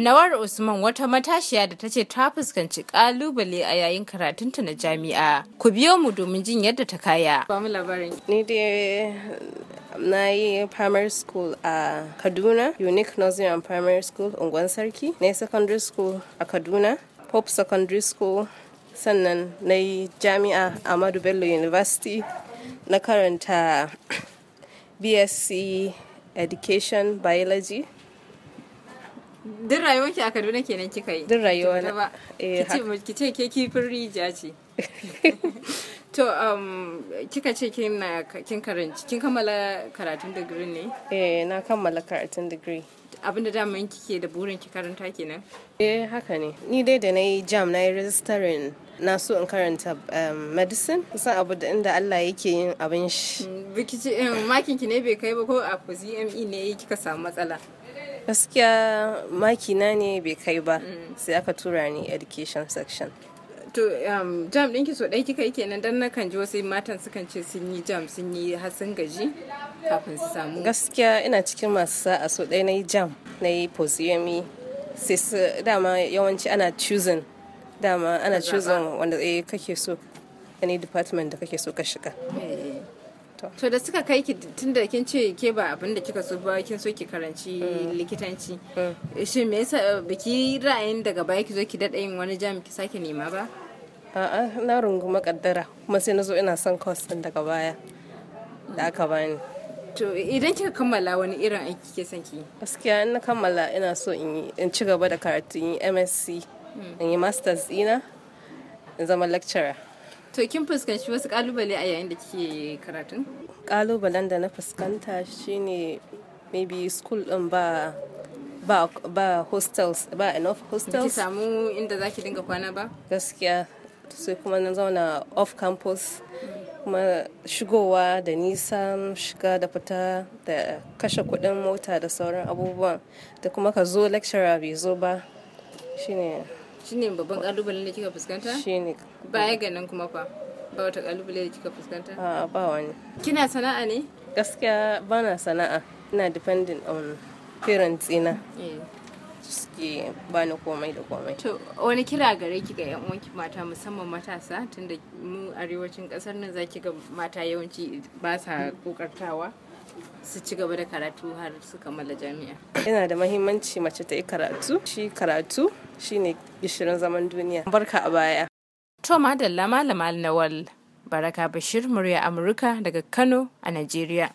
Nawar Usman wata matashiya da ta ce ta fuskanci kalubale a yayin karatunta na jami'a. Ku biyo mu domin jin yadda ta kaya. Ba mu labarin. Ni dai na yi primary school a Kaduna, Unique Nursing and Primary School, Ungwan Sarki. Na yi secondary school a Kaduna, Pope Secondary School. Sannan na yi jami'a a Madu Bello University. Na karanta BSc Education Biology. duk rayuwar ki a Kaduna kenan kika yi duk rayuwar eh, ki ce ke kifin rijiya ce to um, kika ce kin karanci kin kammala karatun digiri ne eh na kammala karatun digiri abinda daman kike da burin ki karanta kenan eh haka ne ni dai da na yi jam na yi registering na so in karanta um, medicine kusan abu da inda Allah yake yin abin shi eh, makin ki ne bai kai ba ko a CME ne kika samu matsala gaskiya makina ne bai kai ba sai aka tura ni education section to um, jam ki so dai kika yi kenan dan nakan ji wasu matan sukan ce sun yi jam sun yi har gaji kafin su samu gaskiya ina cikin masu sa'a so dai na yi jam na yi posiyomi sai su dama yawanci ana choosing dama ana choosing wanda eh, kake so wani department da kake so ka shiga eh, to da suka kai ki da kin ce ke ba abin da kika so ba kin so ki karanci mm. likitanci mm. shin me yasa eh, biki ra'ayin daga baya ki zo ki dada yin wani jam ki sake nema ba a'a na runguma kaddara kuma sai na zo ina son course din daga baya da aka bani to idan kika kammala wani irin aiki ke son ki gaskiya in na kammala ina so in yi in ci gaba da karatu in yi MSc mm. in yi masters ina in zama lecturer To kin fuskanci wasu kalubale a yayin da kike karatun? Kalubalen da na fuskanta shine maybe school din ba ba ba hostels ba enough hostels. Ki samu inda zaki dinga kwana ba? Gaskiya sai kuma na zauna off campus kuma shigowa da nisan shiga da fita da kashe kudin mota da sauran abubuwan da kuma ka zo lecturer bai zo ba shine shine babban kalubalen da kika fuskanta shine baya ga nan kuma fa ba wata kalubale da kika fuskanta a ba wani kina sana'a ne gaskiya ba na sana'a ina depending on parents ina eh. suke bani komai da komai to wani kira gare ki ga yan uwanki mata musamman matasa tunda mu arewacin kasar nan zaki ga mata yawanci ba sa kokartawa su ci gaba da karatu har su kammala jami'a yana da mahimmanci mace ta yi karatu shi karatu shine gishirin zaman duniya barka a baya to madalla malama nawal baraka bashir murya amurka daga kano a najeriya